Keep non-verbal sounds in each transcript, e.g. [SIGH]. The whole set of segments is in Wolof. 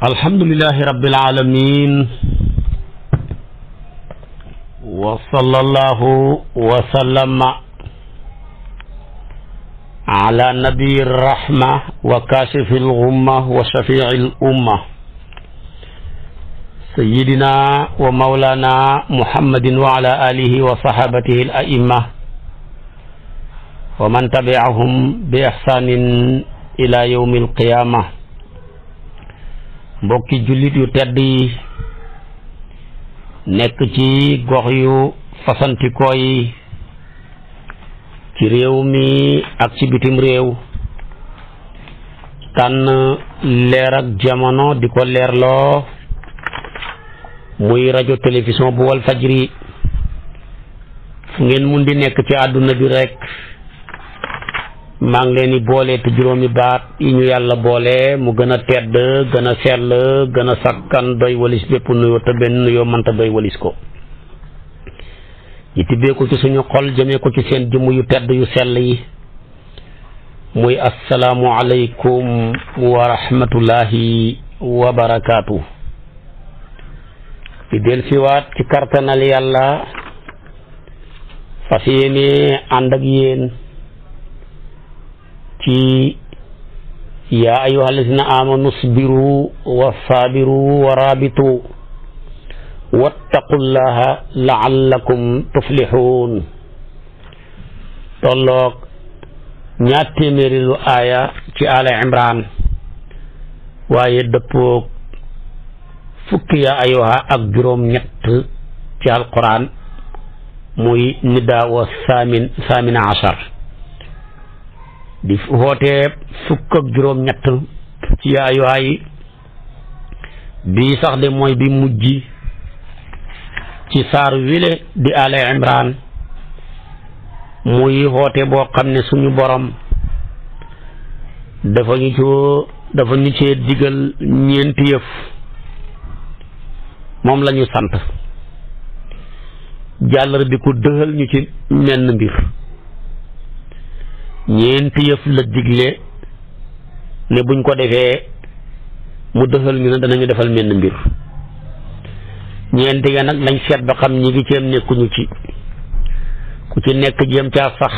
alhamdulilahi rabbil alamin wa sallallahu wa sallama ala nabi rahma wa kashifi lghumma wa shafii l umma sayidina wa maulana muhammadin wa ala alihi wa sahabatihi al aimma wa man tabiahum bi ihsanin ila yawmi alqiyama mbokki jullit yu tedd yi nekk ci gox yu fasantikoo yi ci réew mi ak ci bitim réew tànn leer ak jamono di ko leerloo muy rajo télévision bu Walfajri fu ngeen mun di nekk ci àdduna bi rekk maa ngi leen di boole te juróomi baat yi ñu yàlla boole mu gën a tedd gën a sell gën a sakkan doy walis bépp nuyoo te benn nuyoo mënta doy walis ko ñu tibbee ci suñu xol jëmee ko ci seen jëmm yu tedd yu sell yi muy asalaamu aleykum wa rahmatullahi wa barakaatu di del siwaat ci kartanal yàlla fas yéene ànd ak yéen ci yaa ayuha alladina amanu sbiru wa saabiru wa raabitu wattaqu llaha laallakum tuflixuun tolloog ñaar téeméeri lu aaya ci aala imran waaye dëppoog fukki yaa ayuha ak juróom ñett ci alquran muy nidaa wa saamin saamina ashar di wootee fukk ak juróom-ñett ci yaayuwaay yi bii sax de mooy bi mujj ci saar wile di ale imran muy woote boo xam ne suñu boroom dafa ñu coo dafa ñu cee digal ñeenti yëf moom la sant jàllar bi ku dëxal ñu ci menn mbir ñeenti yëf la digle ne buñ ko defee mu defal ñu ne danañu defal menn mbir ñeent nga nag lañ seet ba xam ñi ngi ceem nekkuñu ci ku ci nekk jéem caa sax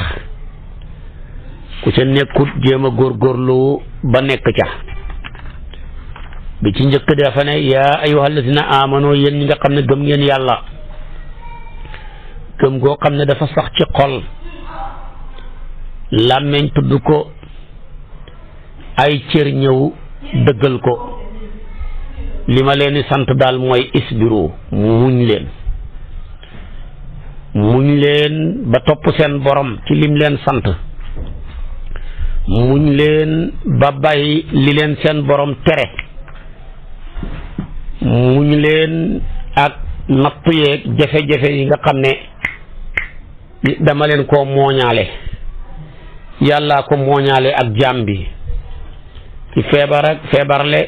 ku ca nekkut jéem a góor góorlu ba nekk ca bi ci njëkk dafa ne yaa ayyuhal lazina amano yéen ñi nga xam ne gëm ngeen yàlla gëm goo xam ne dafa sax ci xol làmmeñ tudd ko ay cër ñëw dëggal ko li ma leen di sant daal mooy isbiru muñ leen muñ leen ba topp seen borom ci lim leen sant muñ leen ba bàyyi lileen seen borom tere muñ leen ak nattu yeeg jafe-jafe yi nga xam ne dama leen koo mooñaale yàllaa ko mooñaale ak jaam bi ci feebar feebarle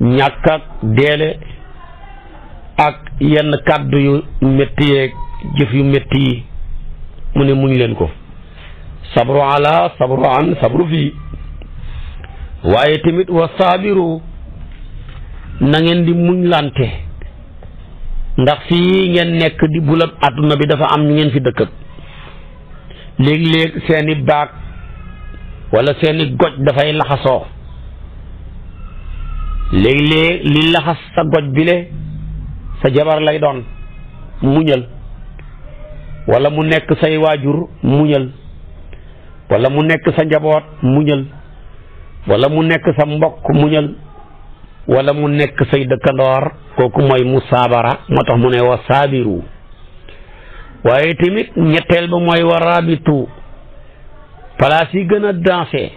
ñàkk ak deele ak yenn kàddu yu métti yeeg yu métti yi mu ne muñ leen ko sabru ala sabru an sabru fii waaye tamit wa saabiru na di muñ ndax fii ngeen nekk di bulab àdduna bi dafa am ngeen fi dëkkat léeg-léeg seeni baag wala seeni goj dafay laxasoo léeg-léeg li laxas sa goj bile sa jabar lay doon muñal wala mu nekk say waajur muñël wala mu nekk sa njaboot muñal wala mu nekk sa mbokk muñal wala mu nekk say dëkkandoor kooku mooy mu musaabara moo tax mu ne wa saabiru waaye tamit ñetteel ba mooy wa rabitu place yi gën a dansé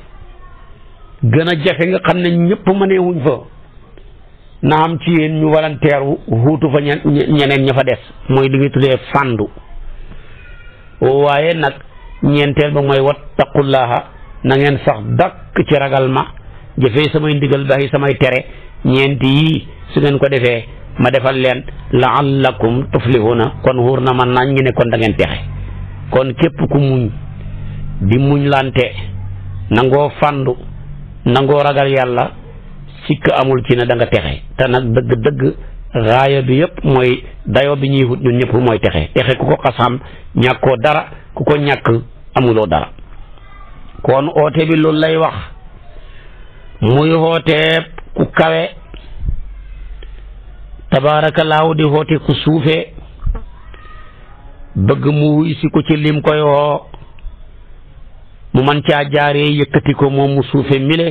gën a jafe nga xam ne ñëpp mëneewuñ fa na am ci yéen ñu walanteeru huutu fa ñeneen ña fa def mooy li nga tuddee fàndu waaye nag ñeenteel ba mooy wattaqullaha na ngeen sax dàkk ci ragal ma jëfee samay ndigal baaxi samay tere ñeenti yii su ngeen ko defee ma defal leen laallakum na kon wóor na ma nañ ñi ne kon da texe kon képp ku muñ bi muñ lante nangoo fàndu nangoo ragal yàlla sikk amul ci ne danga texe te nag dëgg-dëgg raaya bi yëpp mooy dayoo bi ñuy wut ñun ñëpp mooy texe texe ku ko xasaam ñàkkoo dara ku ko ñàkk amuloo dara kon oote bi loolu lay wax muy oote ku kawe tabaarakallaahu di woote ku suufee bëgg mu wuy si ci lim koy woo mu man caa jaaree yëkkati ko moom mu suufe mile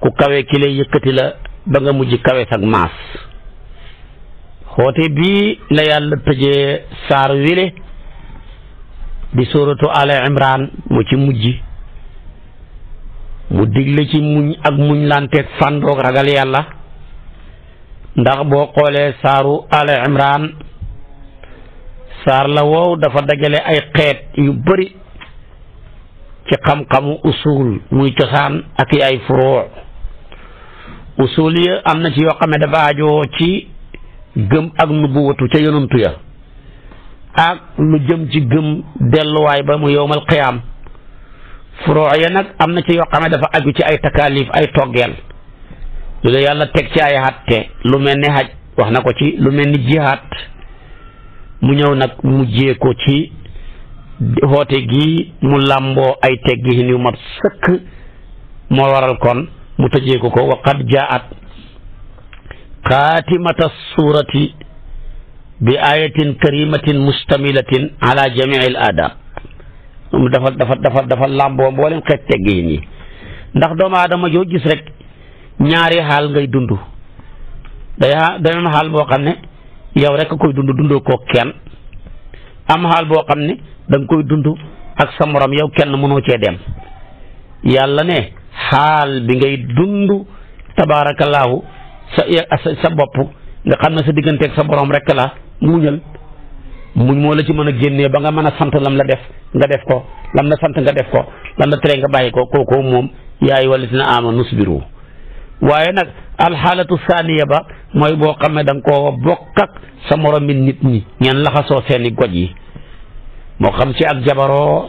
ku kawe ki lay yëkkati la ba nga mujj kawe sag maas xoote bii la yàlla tëjee saar wile di sóoratu ala imran mu ci mujj mu digle ci muñ ak muñ lanteeg fàndoog ragal yàlla ndax boo xoolee saaru ala imran saar la woow dafa dajale ay xeet yu bari ci xam-xamu usul muy cosaan ak yi ay furoo usul yi am na ci yoo xam ne dafa ajoo ci gëm ak nubuwatu ca yonantu ya ak lu jëm ci gëm delluwaay ba mu yowmal qiyaam furoo ya nag am na ci yoo xam ne dafa aju ci ay takaalif ay toggeel lu la yàlla teg ci ay àtte lu mel ni xaj wax na ko ci lu mel ni jihaat mu ñëw nag mujjee ko ci xoote gi mu làmboo ay teggiin yu mat sëkk moo waral kon mu tëjeeku ko ko wa qad jaat xaatimata suurati bi ayatin karimatin mustamilatin ala jamii al adab dafa dafa dafa dafa làmboo mboolem xeet teggiin yi ndax doomu aadama joo gis rek ñaari xaal ngay dund day dana xaal boo xam ne yow rek koy dund dundoo koo kenn am xaal boo xam ne danga koy dund ak sa moroom yow kenn mënoo cee dem yàlla ne xaal bi ngay dund tabaarakallaahu sa bopp nga xam ne sa digganteeg sa borom rek la muñal muñ moo la ci mën a génnee ba nga mën a sant lam la def nga def ko lam la sant nga def ko lam la tere nga bàyyi ko kooku moom yaay na dina ama nusbiru waaye nag alxaalatu saaniya ba mooy boo xam ne da nga koo bokk ak sa moromi nit ñi ngeen laxasoo seeni goj yi moo xam ci ak jabaroo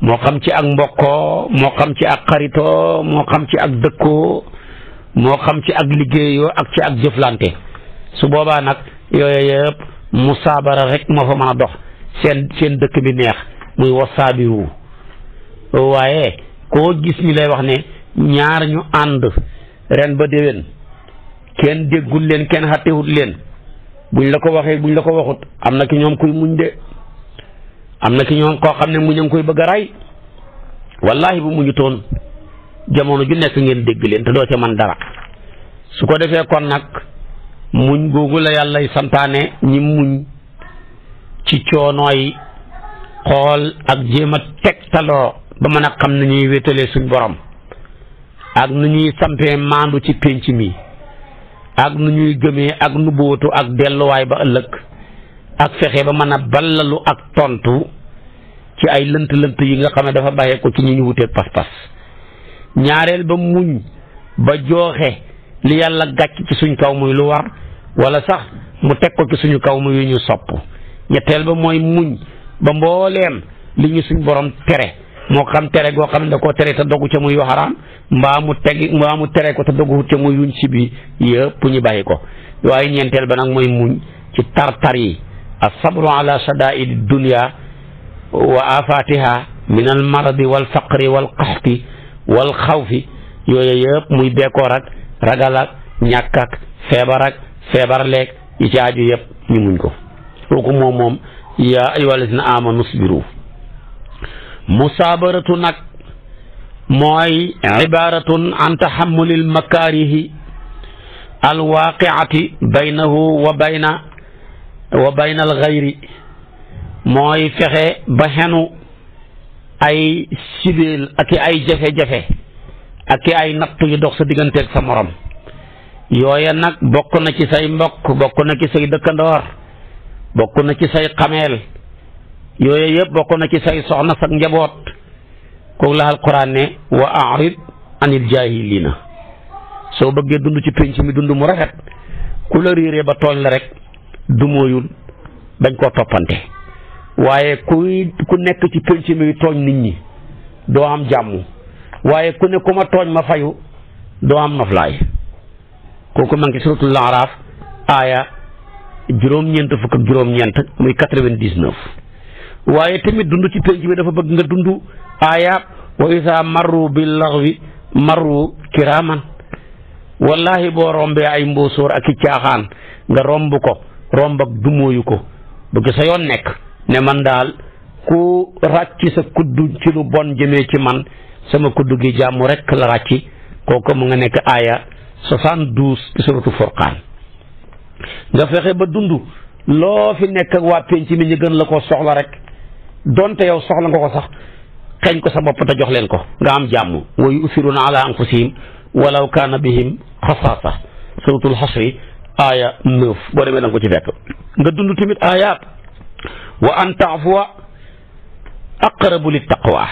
moo xam ci ak mbokkoo moo xam ci ak xaritoo moo xam ci ak dëkkoo moo xam ci ak liggéeyoo ak ci ak jëflante su boobaa nag yooyu yëpp musaabara rek moo fa ma a dox seen seen dëkk bi neex muy wasaabiru waaye koo gis ñu lay wax ne ñaar ñu ànd ren ba déwén kenn déggul leen kenn xattewut leen buñ la ko waxee buñ la ko waxut am na ki ñoom muñ de am na ki ñoom koo xam ne mu a ngi koy bëgg a ray wallaahi bu muñu toon jamono ju nekk ngeen dégg leen te doo ca man dara su ko defee kon nag muñ googu la yàllay santaane ñi muñ ci coonooy xool ak jéema a tegtaloo ba mën a xam ne ñuy wéetalee suñ borom ak nu ñuy sampee maandu ci pénc mi ak nu ñuy gëmee ak nu bóotu ak delluwaay ba ëllëg ak fexe ba mën a ballalu ak tontu ci ay lënt-lënt yi nga xam ne dafa bàyyee ko ci ñi ñu wuteeg pas-pas ñaareel ba muñ ba jooxe li yàlla gàcc ci suñ kaw muy lu war wala sax mu teg ko ci suñu kaw mu yu ñu sopp ñetteel ba mooy muñ ba mbooleem li ñu suñ borom tere moo xam tere goo xam ne da koo tere te dogu ca muy yu xaraam mbaa mu teg mbaa mu tere ko te dogu ca muy yuñ ci bi yëpp ñu bàyyi ko waaye ñeenteel ba nag mooy muñ ci tartar yi asabru ala shadaidi dunya wa afatiha min al maradi wal faqri wal qaxti wal xawfi yooyu yëpp muy bekkoor ak ragal ak ñàkk ak feebar ak feebar leeg yi ci aju yëpp ñu muñ ko kooku moom moom yaa ayyuha allazina amanu sbiru musaabaratu nag mooy ibaaratun an taxamulil makaarihi alwaaqiati baynahu wa bayna wa bayna alxayri mooy fexe ba xenu ay sibeel ak i ay jafe-jafe ak i ay nattu yu dox sa digganteeg sa morom yooya nag bokk na ci say mbokk bokk na ci say dëkkandoor bokk na ci say xameel yooyu yëpp bokk na ci say soxna sag njaboot kook la alquran ne wa arid anil jahilina soo bëggee dund ci pénc mi dund mu rafet ku la réeree ba tooñ la rek du mooyul dañ koo toppante waaye kuy ku nekk ci pénc mi tooñ nit ñi doo am jàmm waaye ku ne ku ma tooñ ma fayu doo am noflaay kooku ma ngi ci suratul Araaf aaya juróom-ñeent fukk ak juróom-ñeent muy quatre vingt waaye tamit dund ci pénc bi dafa bëgg nga dund aayaab wa isa marru bi laxwi marru kiraaman wallahi boo rombee ay mbóosóor ak i caaxaan nga romb ko romb ak dumóoyu ko bu ci sa yoon nekk ne man daal ku ràcc sa kudd ci lu bon jëmee ci man sama kudd gi jàmm rekk la ràcci kooku mu nga nekk aaya soixante-douze ci suratu furqaan nga fexe ba dund loo fi nekk waa waa ci mi ñu gën la ko soxla rek donte yow soxla nga ko sax xeeñ ko sa bopp te jox leen ko nga am jàmm wa yusiruuna ala anfusihim walaw kaana bihim xasaasa suratul xasri aaya boo demee da ko ci fekk nga dund tamit aayaat wa an taafuwa aqrabu li taqwa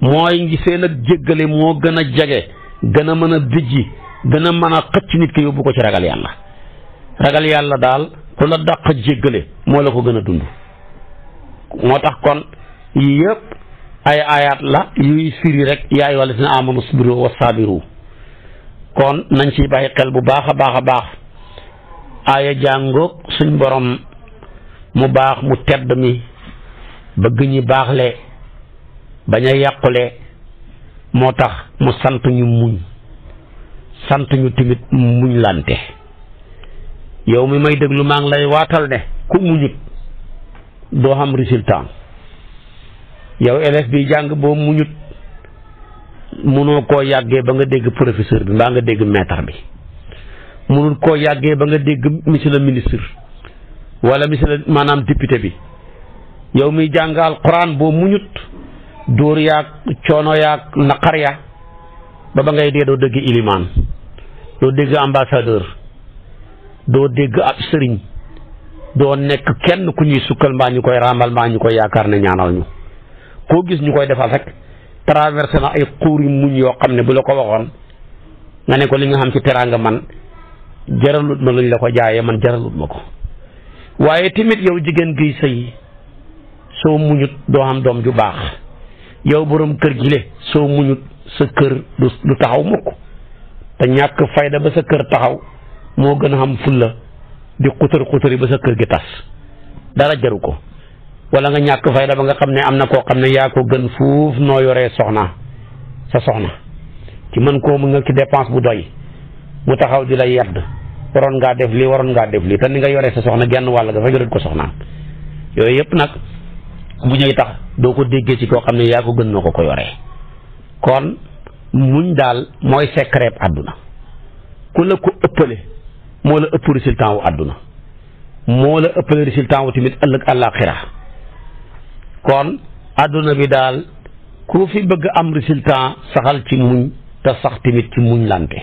mooy ngi seen ak jéggale moo gën a jege gën a mën a dijji gën a mën a xëcc nit ki yóbbu ko ci ragal yàlla ragal yàlla daal ku la dàq jéggale moo la ko gën a dund moo tax kon yii yëpp ay ayaat la yuy firi rek yaay ayyuhal lazina amanu sbiru wa sabiru kon nañ ci bàyyi xel bu baax a baax a baax aaya jàngoog suñ borom mu baax mu tedd mi bëgg ñi baaxle bañ a yàqule moo tax mu sant ñu muñ sant ñu timit muñ lante yow mi may déglu maa ngi lay waatal ne ku muñut doo xam résultat yow élève bi jàng boo muñut munoo koo yàggee ba nga dégg professeur bi mbaa nga dégg maître bi munul koo yàggee ba nga dégg monsieur le ministre wala monsieur le maanaam député bi yow miy jàng alxuraan boo muñut dóor yaag coono yaag naqar ya ba ba ngay dee doo dégg ilimaan doo dégg ambassadeur doo dégg ab sëriñ doo nekk kenn ku ñuy sukkal mbaa ñu koy ràmbal mbaa ñu koy yaakaar na ñaanal koo gis ñu koy defal rek traversé na ay xuur muñ yoo xam ne bu la ko waxoon nga ne ko li nga xam ci teraanga man jaralut ma luñ la ko jaayee man jaralut ma ko waaye tamit yow jigéen giy sëy soo muñut doo am doom ju baax yow boroom kër gi le soo muñut sa kër du taxaw mukk te ñàkk fayda ba sa kër taxaw moo gën a am fulla di xutar xutari ba sa kër gi tas dara jaru ko wala nga ñàkk fayda ba nga xam ne am na koo xam ne yaa ko gën fuuf noo yoree soxna sa soxna ci mën koo mu nga ki dépense bu doy mu taxaw di la yedd waroon ngaa def lii waroon ngaa def lii te ni nga yoree sa soxna genn wàll dafa yoreet ko soxnaan yooyu yëpp nag bu ñuy tax doo ko déggee ci koo xam ne yaa ko gën noo ko ko yoree kon muñ daal mooy secret àdduna ku la ko ëppale moo la ëpp résultat wu àdduna moo la ëppale résultat wu tamit ëllëg àllaaxira kon àdduna bi daal ku fi bëgg am résultat saxal ci muñ te sax tamit ci muñ lante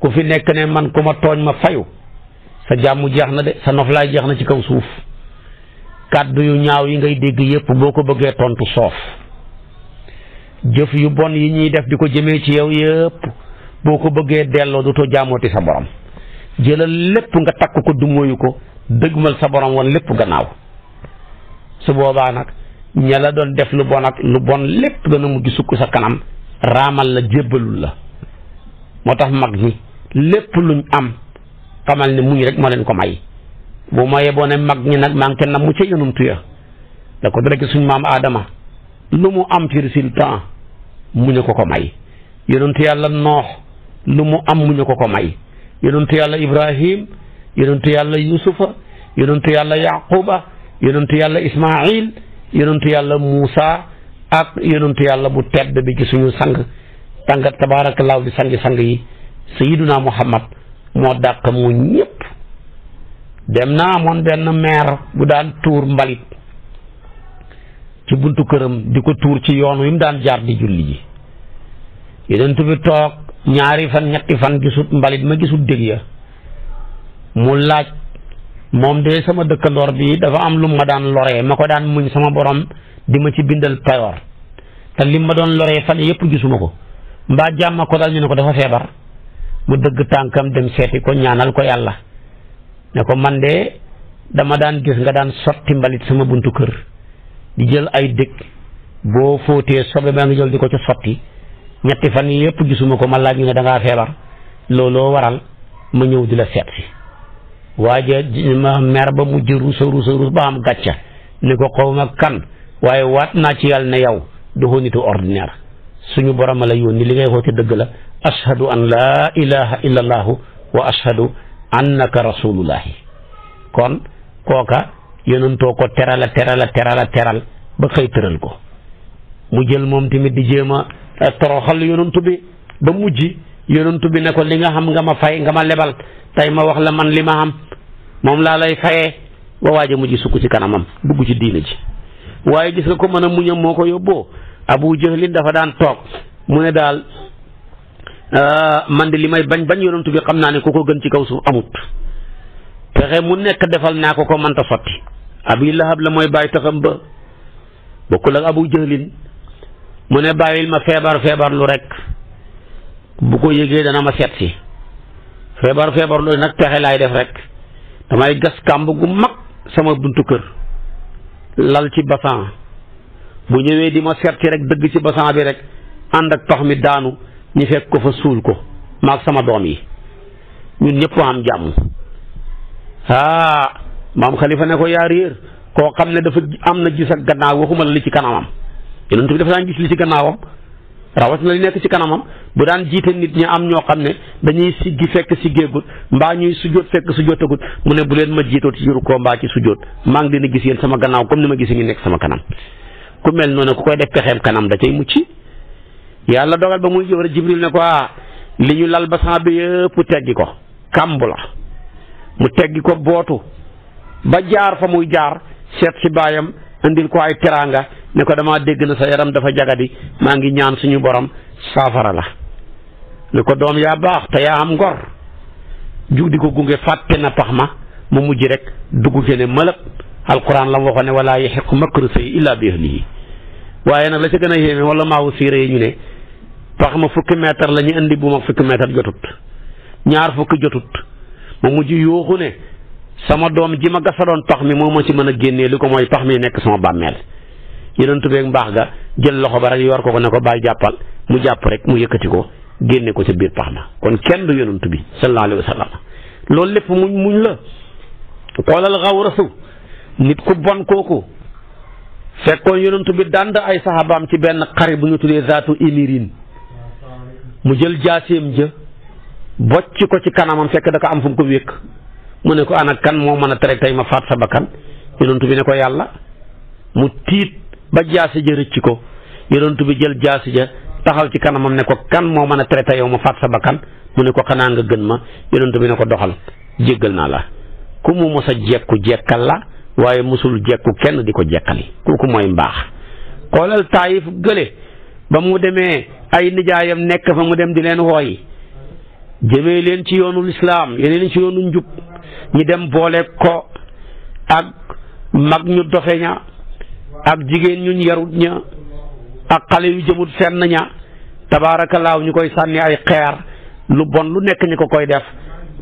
ku fi nekk ne man ku ma tooñ ma fayu sa jàmm jeex na de sa noflaay jeex na ci kaw suuf kàddu yu ñaaw yi ngay dégg yépp boo ko bëggee tontu soof jëf yu bon yi ñuy def bi ko jëmee ci yow yépp boo ko bëggee delloo du too jaamooti sa borom jëlal lépp nga takk ko dumóoyu ko dëgmal sa borom woon lépp gannaaw su boobaa nag ña la doon def lu bon ak lu bon lépp dana mujj sukk sa kanam raamal la jébbalul la moo tax mag ñi lépp luñ am xamal ne muñ rek moo leen ko may bu ma yeboo ne mag ñi nag maa ngi kenn mu ca yonumtu ya da ko dara suñ maam aadama lu mu am ci résultat muñ a ko ko may yonumtu yàlla noox lu mu am muñ a ko ko may yonentu yàlla ibrahim yonentu yàlla yusufa yonentu yàlla yaquba yonentu yàlla ismail yonentu yàlla muusa ak yonentu yàlla bu tedd bi ci suñu sang tàngat tabaarakallaahu di sangi-sang yi sayiduna muhammad moo dàq mu ñëpp dem na moon benn maire bu daan tuur mbalit ci buntu këram di ko tuur ci yoon wi mu daan jaar di julli ji yonent bi toog ñaari fan ñetti fan gisut mbalit ma gisut dég ya mu laaj moom de sama dëkkandoor bi dafa am lu ma daan loree ma ko daan muñ sama borom di ma ci bindal payoor te lim ma doon loree fan yépp gisuma ko mbaa jàmm ko dal ñu ne ko dafa feebar mu dëgg tànkam dem seeti ko ñaanal ko yàlla ne ko man de dama daan gis nga daan sotti mbalit sama buntu kër di jël ay dëkk boo fóotee sobe baa ngi jël di ko ci sotti ñetti fan yii yëpp gisuma ko ma laaj ñu ne da ngaa feebar looloo waral ma ñëw di la seet si waaye ma ba mu ruusa ruusa ruus ba am gàcca ni ko xaw ma kan waaye waat naa ci yàlla ne yow doxoo nitu ordinaire suñu borom la yónni li ko xoote dëgg la ashhadu an laa ilaha illa allahu wa ashhadu annaka rasulullahi kon kooka yonentoo ko terala terala terala teral ba xëy tëral ko mu jël moom tamit di jéema toroxal yonantu bi ba mujj yonantu bi ne ko li nga xam nga ma fay nga ma lebal tey ma wax la man li ma xam moom laa lay fayee ba waaj a mujj sukk ci kanamam dugg ci diina ji waaye gis nga ko mën a muñam moo ko yóbboo abu jahlin dafa daan toog mu ne daal ah, man de li may bañ bañ yonantu bi xam naa ne ku ko gën ci kaw suuf amut pexe mu nekk defal naa ko ko mënta sotti abi lahab la mooy bàyyi taxam ba bokkul ak abu jahlin mu ne bàyyil ma feebar feebar lu rek bu ko yëgee dana ma seet feebar feebar lu nag pexe laay def rek damay gas kàmb gu mag sama buntu kër lal ci basan bu ñëwee di ma seet rek dëgg ci basan bi rek ànd ak pax mi daanu ñu fekk ko fa suul ko maag sama doom yi ñun ñëpp am jàmm ah maam xalifa ne ko yaa réer koo xam ne dafa am na gis ak gannaaw waxuma la li ci kanamam yonent bi dafa daan gis li ci gannaawam rawat na li nekk ci kanamam bu daan jiite nit ñi am ñoo xam ne dañuy siggi fekk siggeegut mbaa ñuy sujjóot fekk sujjóotagut mu ne bu leen ma jiitoot ci juru koo mbaa ci sujjóot maa ngi leen gis yéen sama gannaaw comme ni ma gis ngi nekk sama kanam ku mel noonu ku koy def pexeem kanam da cay mucc yàlla dogal ba muy jëw rek ne ko ah li ñu lal basan bi yëpp teggi ko kàmb la mu teggi ko bootu ba jaar fa muy jaar seet si baayam indil ko ay ne ko damaa dégg na sa yaram dafa jagadi maa ngi ñaan suñu borom saafara la ne ko doom yaa baax te yaa am ngor jug di ko gunge fàtte na pax ma mu mujj rek dugg ci ne mëlëb alquran la mu waxoon ne wala yahiqu makru sayyi illa bi ahlihi waaye nag la ca gën a yéeme wala maawu siire yi ñu ne pax ma fukki mètre la ñu indi bu ma fukki mètre jotut ñaar fukki jotut mu mujj yuuxu ne sama doom ji ma gasa doon pax mi moo ma ci mën a génnee li ko mooy pax mi nekk sama bàmmeel yonentu beeg mbaax ga jël loxo ba rek yor ko ko ne ko bàyyi jàppal mu jàpp rek mu yëkkati ko génne ko ca biir pax ma kon kenn du yonentu bi sallallahu alayhi wa sallam loolu lépp mu muñ la xoolal xawrasu nit ku bon kooku fekkoon yonentu bi dànd ay saxaabaam ci benn xare bu ñu tuddee zaatu imirin mu jël jaaseem ja bocc ko ci kanamam fekk da ko am fu mu ko wékk mu ne ko ana kan moo mën a tere tey ma faat sa bakkan bi ne ko yàlla mu tiit ba jaasi ja rëcc ko yonent bi jël jaasi ja taxaw ci kanamam ne ko kan moo mën a traité yow ma faat sa bakkan mu ne ko xanaa nga gën ma yonent bi ne ko doxal jéggal naa la ku mu mos a jekku jekkal la waaye mosul jekku kenn di ko jekkali kooku mooy mbaax xoolal taayif gële ba mu demee ay nijaayam nekk fa mu dem di leen wooyi jëmee leen ci yoonu lislaam yéene ci yoonu njub ñi dem boole ko ak mag ñu dofe ña ak jigéen ñu ñu yarut ña ak xale yu jëmut fenn ña tabaarakallaahu ñu koy sànni ay xeer lu bon lu nekk ñu ko koy def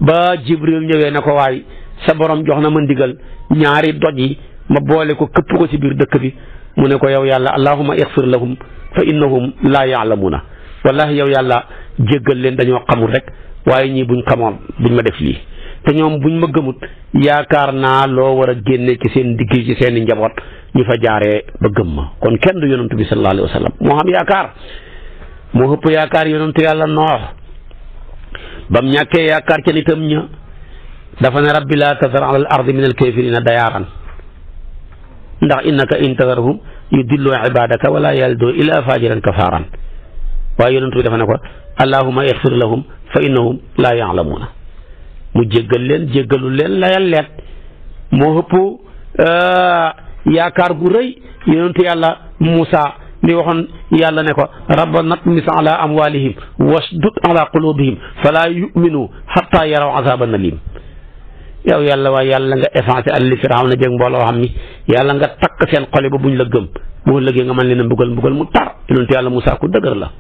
ba jibril ñëwee na ko waaye sa borom jox na ma digal ñaari doj yi ma boole ko këpp ko si biir dëkk bi mu ne ko yow yàlla allahuma ixfir lahum fa innahum laa yaalamuuna wallahi yow yàlla jéggal leen dañoo xamul rekk waaye ñii buñ xamoon buñ ma def lii te ñoom buñ ma gëmut yaakaar naa loo war a génne ci seen digg ci seen i njaboot ñu fa jaare ba gëm kon kenn du yonantu bi sallallahu alayhi wa sallam moo xam yaakaar moo ëpp yaakaar yonantu yàlla noox bam ñàkkee yaakaar ca nitam ña dafa ne rabbi laa tasar ala al ardi min al kafirina dayaaran ndax innaka in tasarhum yudillu ibadaka wala yaldu illa fajiran kafaaran waaye yonantu bi dafa ne ko allahuma ixfir lahum fa innahum mu jéggal leen jéggalu leen layal leen moo ëpp euh, yaakaar gu rëy yonentu musa Muusa mi waxoon ne ko rabbana tmis ala amwalihim wasdud ala qulubihim fala yuminu xatta yaraw azaban alim yow yàlla waaye yàlla nga effacé alli firawna jëg mbooloo xam ni yàlla nga takk seen xole ba buñ la gëm boo lëggee nga mën leen a mbugal mbugal mu tar yonentu yàlla Muusa ku dëgër la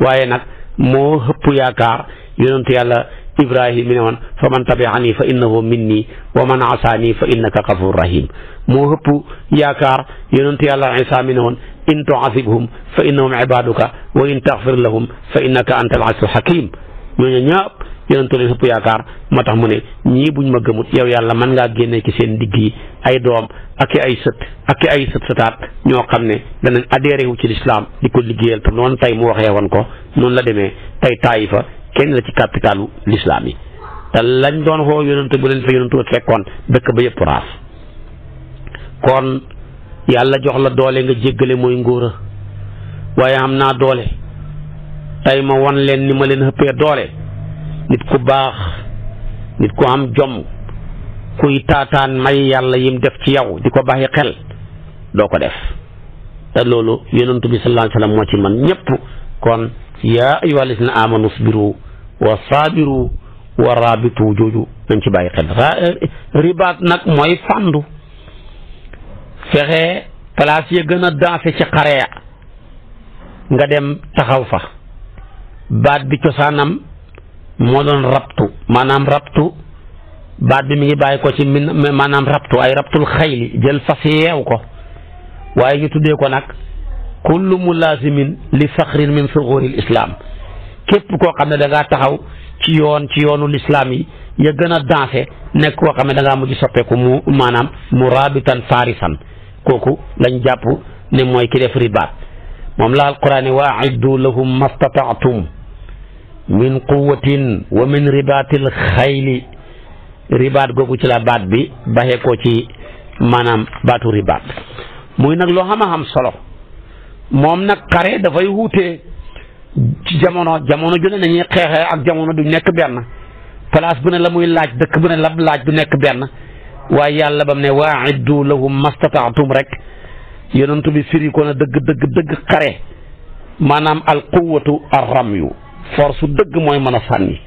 waaye nag moo ëpp yaakaar yonentu yàlla Ibrahima ne woon fa man tabi'ani fa innahu minni wa man asaani fa innaka ghafur rahim moo ëpp yaakaar yonentu yàlla Isa mi ne woon in tu'asibhum fa innahum ibaduka wa in taghfir lahum fa innaka antal azizul hakim ñooñu ñëpp yonentu leen ëpp yaakaar moo tax mu ne ñii buñ ma gëmut yow yàlla mën ga génne ci seen digg yi ay doom ak i ay sët ak i ay sët sëtaat ñoo xam ne danañ adhéré wu ci lislaam di ko liggéeyal te noonu tey mu ko noonu la demee tey taayifa kenn la ci capitalu l'islam yi te lañ doon woo yonent bu leen fa yonent fekkoon dëkk ba yépp raaf kon yàlla jox la doole nga jéggale mooy ngóora waaye am naa doole tey ma wan leen ni ma leen xëppee doole nit ku baax nit ku am jom kuy taataan may yàlla yim def ci yow di ko bàyyi xel doo ko def te loolu yonent bi sallallahu alayhi moo ci man ñëpp kon yaa ayyuha alladina amanu sbiru wa saabiru wa raabitu jooju nañ ci bàyyi xel ribaat nag mooy fàndu fexe place ya gën a dansé ci xare ya nga dem taxaw fa baat bi cosaanam moo doon rabtu maanaam rabtu baat bi mu ngi bàyyi ko ci min maanaam rabtu ay rabtul xayli jël fas yeew ko waaye ñu tuddee ko nag kullu mulaasimin li faxrin min suxuuril islaam képp koo xam ne da taxaw ci yoon ci yoonu lislaam yi ya gën a dansé nekk koo xam ne danga ngaa mujj soppeeku mu maanaam mu raabitan faarisan kooku lañ jàpp ne mooy ki def ribaat moom la alquran ne wa aiddu lahum mastataatum min quwatin wa min ribaatil xayli ribaat googu ci la baat bi baxee ko ci maanaam baatu ribaat muy nag loo xam a xam solo moom nag xare dafay wuute ci jamono jamono ju ne nañuy xeexee ak jamono du nekk benn place bu ne la muy laaj dëkk bu ne la laaj du nekk benn waaye yàlla ba mu ne waiddu lahum mastataatum rek yonentu bi firi ko dëgg dëgg dëgg xare maanaam al quwwatu arram yu force dëgg mooy mën a sànni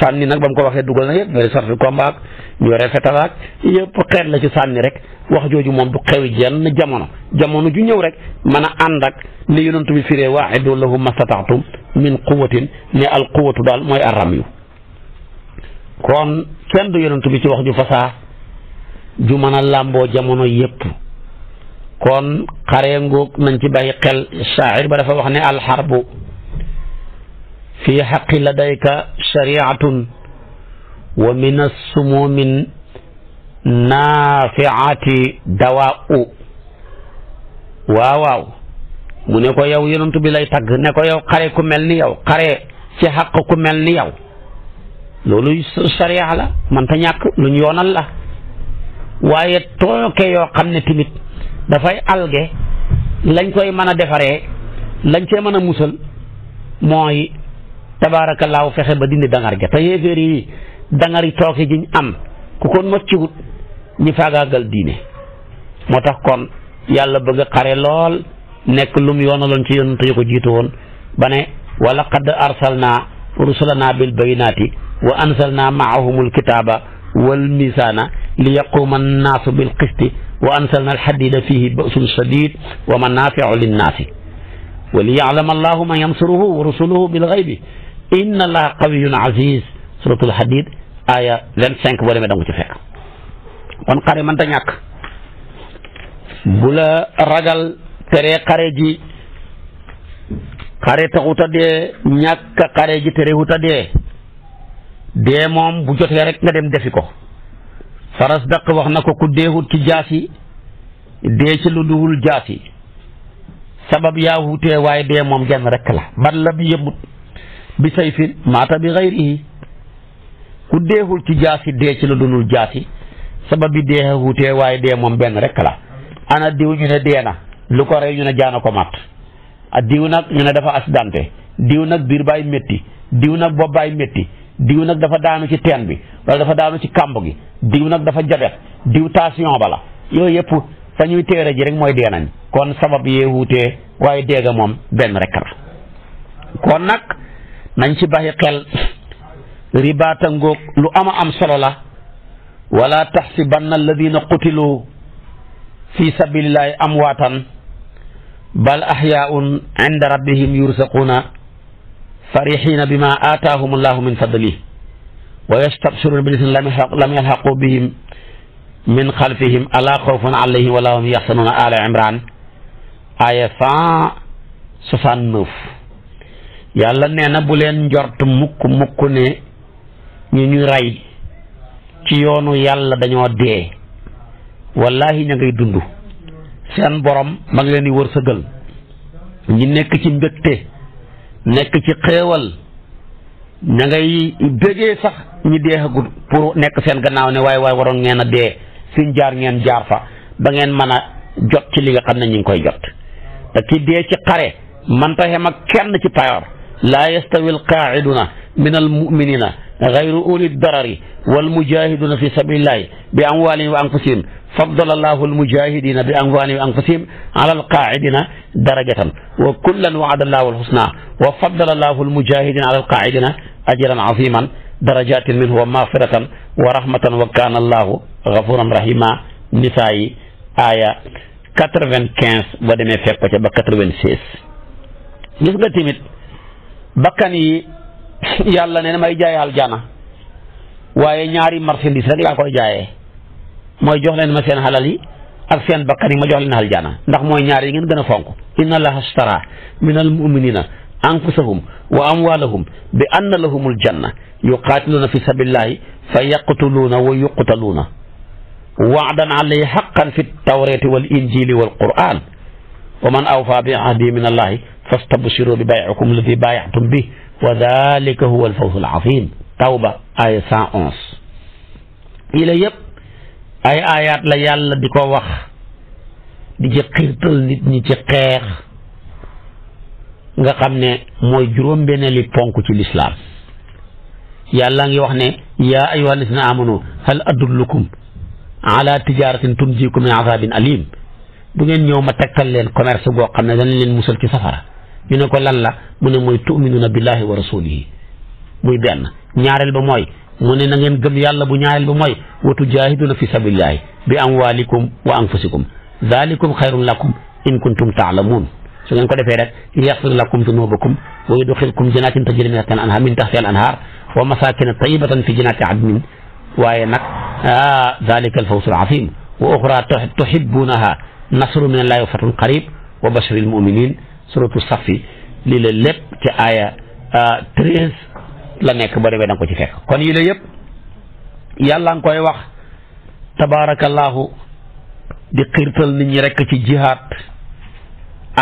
sànni nag ba mu ko waxee dugal na yëpp mooy sorti combat di rafetalaak yëpp xeet la ci sànni rek wax jooju moom du xewi jenn jamono jamono ju ñëw rek mën a ànd ak li yonent bi firee waaxidu lahum mastataatum min quwatin ne al quwatu daal mooy aram yu kon kenn du yonent bi ci wax ju fasaa ju mën a làmboo jamono yépp kon xaree ngoog nañ ci bàyyi xel shaacir ba dafa wax ne alxarbu fi xaqi ladayka shariatun wa min assumumin naafiati dawa u waaw waaw mu ne ko yow yonantu bi lay tagg ne ko yow xare ku mel ni yow xare ci xaq ku mel ni yow loolu sariya la man ta ñàkk lu ñu la waaye tooke yoo xam ne tamit dafay alge lañ koy mën a defaree lañ cee mën a musal mooy tabaarakallaahu fexe ba dindi dangar ja yéeféer yi dangari tooke giñ am ku kon mocciwut ñi faagaagal diine moo tax kon yàlla bëgg a xare lool nekk lum yoonaloon ci yonent yu ko jiitu woon ba ne wa laqad arsalna rusulana bil bayinaati wa anzalna maahumul kitaaba wal misaana li yaquuma annaasu bil qisti wa anzalna alhadida fihi ba'sun shadid wa manaafiu linnaasi wa li yaclama allahu man yansuruhu wa rusuluhu bil gaybi inna allaha qawiyun aziz suratul hadid aaya vingt cinq boo demee danga ko ci fekk kon xare mënta ñàkk bu la ragal tere xare ji xare taxut a dee ñàkk xare ji terewut a dee dee moom bu jotee rek nga dem defi ko faras daq wax na ko ku deewut ci jaas yi dee ci lu duwul jaas yi sabab yaa wutee waaye dee moom genn rek la ban la bi yëbbut bi sayfin maata bi xayrihi ku deexul ci jaasi dee ci la doonul jaasi sabab bi deexe wuutee waaye dee moom benn rek la ana diw ñu ne dee na lu ko rey ñu ne jaana ko mat a diw nag ñu ne dafa accidenté diw nag biir baay métti diw nag bopp baay metti diw nag dafa daanu ci teen bi wala dafa daanu ci kàmb gi diw nag dafa jabet diw tension ba la yooyu yëpp fa ñuy téere ji rek mooy dee nañ kon sabab yee wuutee waaye deega moom benn rek la kon nag nañ ci bàyyi xel ribaata ngoog lu ama am solo la wala taxsibanna alladina qutilu fi sabilillahi amwaatan bal ahyaun inda rabbihim yursaquuna farixiina bima aataahum allahu min fadlih wa yastabsiruuna billadina lam yalxaqu bihim min xalfihim alaa xawfun alayhim wala hum yaxsanuuna ala imran aya cent soixante neuf yàlla nee na bu leen njort mukk mukk ne ñi ñu rey ci yoonu yàlla dañoo dee wallahi ña ngay dund seen borom ma ngi leen di wërsëgal ñu nekk ci mbégte nekk ci xéewal ña ngay bégee sax ñi deexagut pour nekk seen gannaaw ne waaye waaye waroon ngeen a dee suñ jaar ngeen jaar fa ba ngeen mën a jot ci li xam ne ñu ngi koy jot te ki dee ci xare manta xem kenn ci payoor laa yastawi alqaaiduna min almuminina gayru uli darari wal mujahiduna fi sabilillahi bi amwalihim wa anfusihim faddala allahu almujahidina bi amwalihim wa anfusihim ala alqaidina darajatan wa kullan waada allahu alhusna wa faddala allahu almujahidina ala alqaidina ajran aziman darajatin minhu wa magfiratan wa rahmatan wa kana allahu gafuran rahima nisaa yi aaya quatre-vingt-quinze ba demee fekk ko ca ba quatre-vingt-seize gis nga tamit bakkan yi [LAUGHS] yàlla nee na may jaay aljana waaye ñaari marchandise rek laa koy jaayee mooy jox leen ma seen xalal yi ak seen bakkan yi ma jox leen aljana ndax mooy ñaar yi ngeen gën a fonk inna allaha ashtara min al muminina anfusahum wa amwalahum bi anna lahumul janna yuqaatiluuna fi sabilillahi fa yaqtuluuna wa yuqtaluuna waadan alayhi xaqan fi tawrati wal injili wal quran wa man awfaa bi ahdi min allahi fastabsiroo bi baycikum alladi baayaxtum bi wa dalika huwa alfawzu alazim tawba aya cent onze yi la yëpp ay aayaat la yàlla di ko wax di ci xiirtal nit ñi ci xeex nga xam ne mooy juróom-benneeli ponk ci lislaam yàlla ngi wax ne yaa ayyuha alladina amanu hal adullukum ala tijaratin tunjikum min azabin alim bu ngeen ñëw ma tegtal leen commerce goo xam ne dana leen musal ci safara ñu ne ko lan la mu ne mooy tu'minuuna billahi wa rasulihi muy benn ñaareel ba mooy mu ne na ngeen gëm yàlla bu ñaareel ba mooy wa tujaahiduuna fi sabilillahi bi amwaalikum wa anfusikum dalikum xayrun lakum in kuntum taalamuun su ngeen ko defee rek yaxfir lakum dunubakum wa yudxilkum janaatin tajri min taxtiha al anhaar wa masaakina tayyibatan fi jannati adnin waaye nag ah dalika al fawzu al aziim wa uxra tuhibbuunaha nasru min allaahi wa fatun qariib wa bashiril mu'miniin suratu safi lii la lépp ci aaya euh, treize la nekk ba demee da ko ci fekk kon yii la yëpp yàlla nga koy wax tabaarakallaahu di xiirtal nit ñi rekk ci jihaad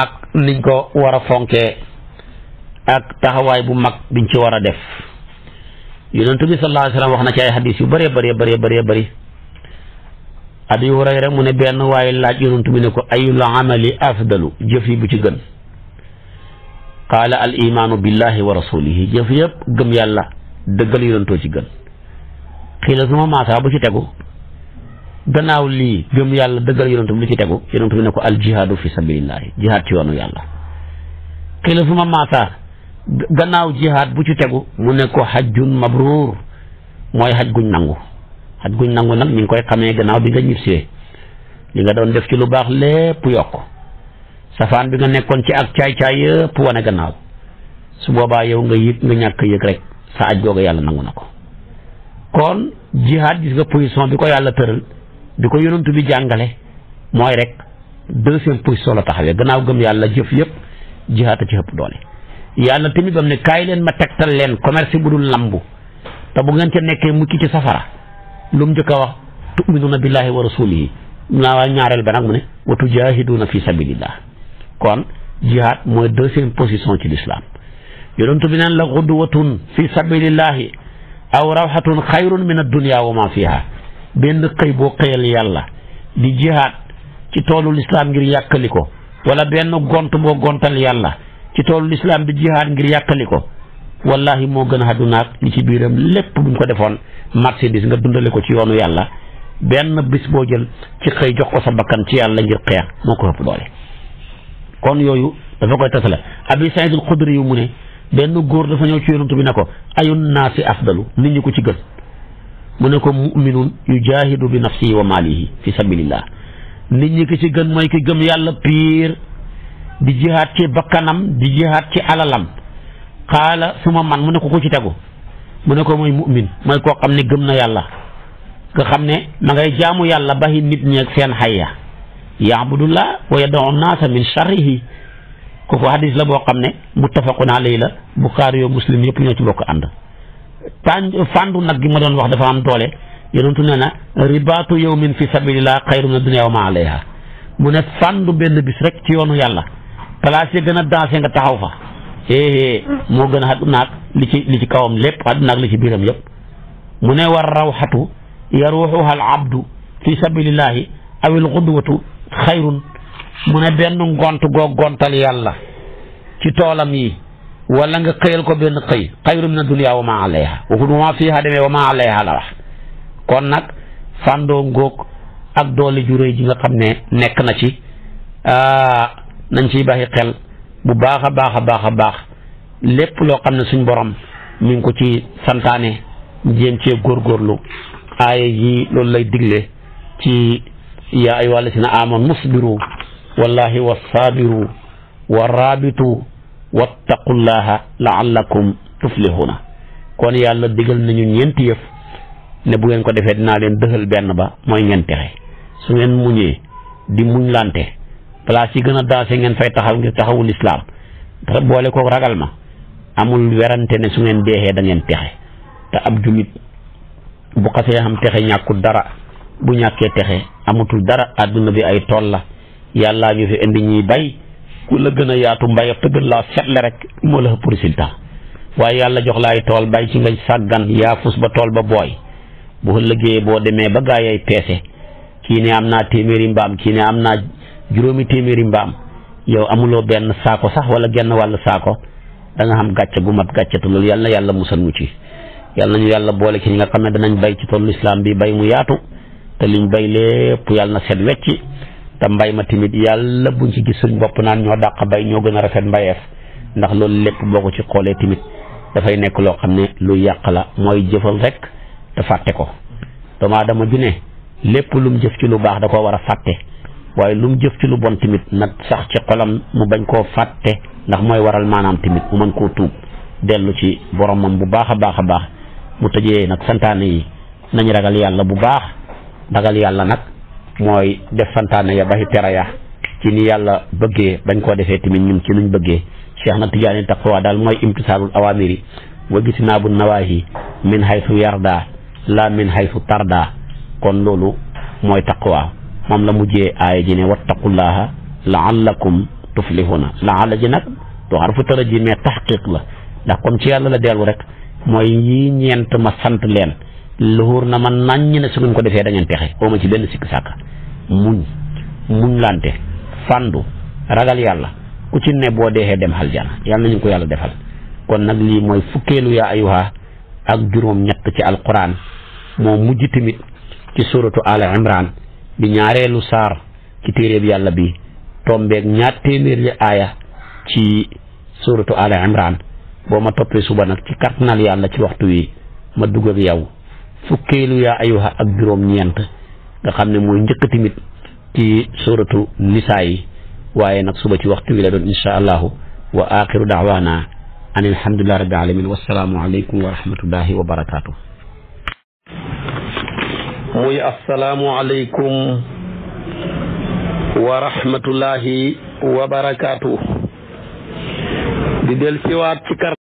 ak niñ ko war a fonkee ak taxawaay bu mag biñ ci war a def yonent bi sallallahu alayhi wax na ci ay hadis yu bëree bëree bëree bari bëri abi hurayra mu ne benn waaye laaj yonent bi ne ko ayul amali afdalu jëf yi bu ci gën qaala al imaanu billahi wa rasulihi jëf yëpp gëm yàlla dëggal yonantoo ci gën xiila suma maasaa bu ci tegu gannaaw lii gëm yàlla dëggal yonantu bi ci tegu yonantu bi ne ko al jihaadu fi sabilillahi jihaad ci yoonu yàlla xiila suma maasaa gannaaw jihaad bu ci tegu mu ne ko xajjun mabruur mooy xaj guñ nangu xaj guñ nangu nag ñu ngi koy xamee gannaaw bi nga ñibsiwee li nga doon def ci lu baax lépp yokk safaan bi nga nekkoon ci ak caay-caay yëpp wane gannaaw su boobaa yow nga yëg nga ñàkk yëg rek sa aj googa yàlla nangu na ko kon jihaad gis nga position bi ko yàlla tëral bi ko yonantu bi jàngale mooy rek deuxième position la taxawee gannaaw gëm yàlla jëf yëpp jihaad a ci ëpp doole yàlla tamit bam ne kaay leen ma tegtal leen commerce bu dul lambu te bu ngeen ca nekkee mukki ci safara lu mu njëkk a wax tuminuuna billahi wa rasulihi naa waa ñaareel ba nag mu ne wa tujaahiduuna fi sabilillah kon jihaad mooy deuxième position ci l'islam yonentu bi neen la xudwatun fi sabilillahi aw rawxatun xayrun min na wa ma fiha benn xëy boo xëyal yàlla di jihaad ci toolu lislaam ngir yàkkali ko wala benn gont boo gontal yàlla ci toolu lislaam di jihaad ngir yàkkali ko wallahi moo gën a àdduna ak li ci biiram lépp buñ ko defoon marchandise nga dundale ko ci yoonu yàlla benn bis boo jël ci xëy jox ko sa bakkan ci yàlla ngir xeex moo ko ëpp kon yooyu dafa koy tasale abi saïdul xudri yu mu ne benn góor dafa ñëw ci yonantu bi ne ko ayun naasi afdalu nit ñi ko ci gën mu ne ko muminun yujaahidu bi nafsihi wa maalihi fi sabilillah nit ñi ki ci gën mooy ki gëm yàlla piir bi jihaat ci bakkanam di jihaat ci alalam xaala suma man mu ne ko ku ci tegu mu ne ko mooy mumin mooy koo xam ne gëm na yàlla nga xam ne ma ngay jaamu yàlla baxi nit ñeeg seen xayya yaabudullah wa yadau naasa min charrihi kooku hadis la boo xam ne muttafaqun alayhi la buxaari yoo muslim yëpp ñoo ci bokk ànd tàn fàndu nag gi ma doon wax dafa am doole yonentu nee na ribaatu yawmin fi sabilillah xayru mina dunya wa ma alayha mu ne fàndu benn bis rek ci yoonu yàlla place yi gën a dansé nga taxaw fa éé moo gën a àdduna ak li ci li ci kawam lépp àdduna ak li ci biiram yëpp mu ne war rawxatu yaruuxuha al abdu fi sabilillahi aw al xudwatu xayrun mu ne benn ngont goo gontal yàlla ci toolam yi wala nga xëyal ko benn xëy xayrun min dunya wa ma alayha waxul wa ma demee wa ma la wax kon nag fàndoo ngóog ak doole ju réy ji nga xam ne nekk na ci nañ ciy bàyyi xel bu baax a baax a baax a baax lépp loo xam ne suñ borom mi ngi ko ci santaane jéem cee góorgóorlu aaya yi loolu lay digle ci yaa ayyuha allazina amanu musbiru wallahi wasaabiru wa raabitu wattaqullaha laallakum tuflihuna kon yàlla digal nañu ñeenti yëf ne bu ngeen ko defee dinaa leen dëxal benn ba mooy ngeen texe su ngeen muñee di muñ lante place yi gën a daase ngeen fay taxaw ngir taxawu lislaam boole ko ragal ma amul werante ne su ngeen deexee da ngeen texe te ab jullit bu xasee xam texe ñàkkul dara bu ñàkkee texe amatul dara àdduna bi ay tool la yàllaa ñu fi indi ñuy bay ku la gën a yaatu mbay te gën laa setle rek moo la ëpp résultat waaye yàlla jox la ay tool bay ci nga sàggan yaafus ba tool ba booy bu liggéeyee boo demee ba gaa yay peese kii ne am naa téeméeri mbaam kii ne am naa juróomi téeméeri mbaam yow amuloo benn saako sax wala genn wàll saako danga xam gàcce gu mat gàcce te yàlla yàlla musal mu ci yàlla nañu yàlla boole ci mu yaatu. te liñ bay lépp yàlla na seet wecci te mbay ma tamit yàlla buñ ci gis suñ bopp naan ñoo dàq bay ñoo gën a rafet mbayeef ndax loolu lépp boo ko ci xoolee tamit dafay nekk loo xam ne lu yàq la mooy jëfal rek te fàtte ko doomu aadama ju ne lépp lu mu jëf ci lu baax da koo war a fàtte waaye lu mu jëf ci lu bon tamit nag sax ci xolam mu bañ koo fàtte ndax mooy waral maanaam tamit mu mën koo tuub dellu ci boromam bu baax a baax a baax mu tëjee nag santaane yi nañ ragal yàlla bu baax dagal yàlla nag mooy def santaane ya bàyyi tere ya ci ni yàlla bëggee bañ koo defee tamit ñun ci nuñ bëggee Cheikh na Tijaani taqwa daal mooy imtisaalul awaamiri wa jitnaabu nawaahi min haythu yarda la min haythu tarda kon loolu mooy taqwa moom la mujjee aaya ji ne wattaqullaha laallakum tuflihuna laalla ji nag du xarfu tërëji mais taxqiq la ndax kon ci yàlla la dellu rek mooy yii ñeent ma sant leen luxuur na man naññ ne su ngeen ko defee da ngeen pexe ci benn sikk sàkk muñ muñ lante ragal yàlla ku ci ne boo deexee dem aljana yàlla nañu ko yàlla defal kon nag lii mooy fukkeelu yaa ayuha ak juróom ñett ci alquran moo mujj tamit ci suuratu al imran bi ñaareelu saar ci téeréeb yàlla bi tombeeg ñaar téeméeri aaya ci suratu al imran boo ma toppee suba nag ci kartanal yàlla ci waxtu wi ma dugg ak yow fukkeelu yaa ayuha ak juróom-ñeent nga xam ne mooy njëkk tamit ci suratu nisaa yi waaye nag suba ci waxtu wi la doon insha allahu wa axiru daawaana an alhamdulillahi rabbil alamin wassalaamu aleykum wa rahmatullahi wa barakaatu muy assalaamu aleykum wa rahmatullahi wa barakaatu di del siwaat ci kar